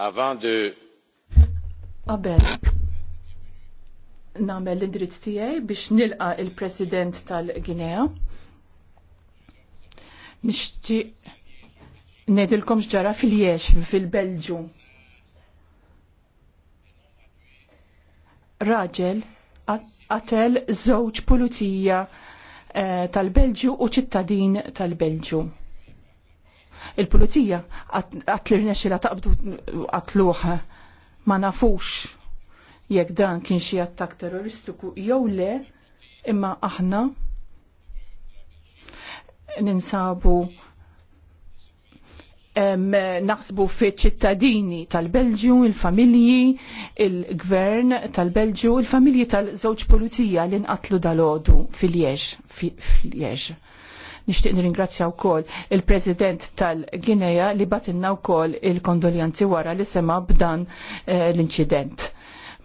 Avant de Qabel nagħmel l-indirizz tiegħi biex nilqa il-President tal-Ginea. Nixtieq ngħidilkom x'ġara fil-Jex fil-Belġu. Raġel qatel żewġ pulizija eh, tal-Belġu u ċittadin tal-Belġu il-pulizija għatlirnexi xila taqbdu għatluħ ma nafux jekk dan kien xi attak terroristiku jew le, imma aħna ninsabu naħsbu fi ċittadini tal-Belġju, il-familji, il-gvern tal-Belġju, il-familji tal-żewġ pulizija li nqatlu dal-ħodu fil-Jeġ. Nixtieq nirringrazzja wkoll il-President tal-Gineja li batinna wkoll il-kondoljanzi wara li sema b'dan eh, l-inċident.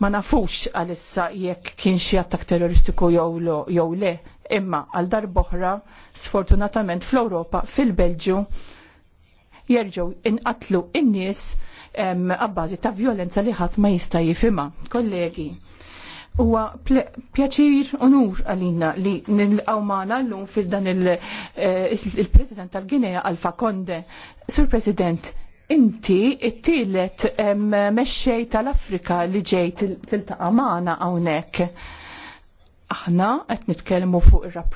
Ma nafux għalissa jekk kien xi attak terroristiku jew le, imma għal boħra, sfortunatament fl-Ewropa, fil-Belġju, jerġgħu inqatlu in-nies għabbażi ta' violenza li ħadd ma jista' jifhimha. Kollegi, huwa pjaċir unur għalina li maħna l llum fil-dan eh, il-President tal-Ginea Alfa Konde. Sur President, inti it tillet mexxej tal-Afrika li ġej taqa maħna hawnhekk. Aħna qed nitkellmu fuq ir-rapport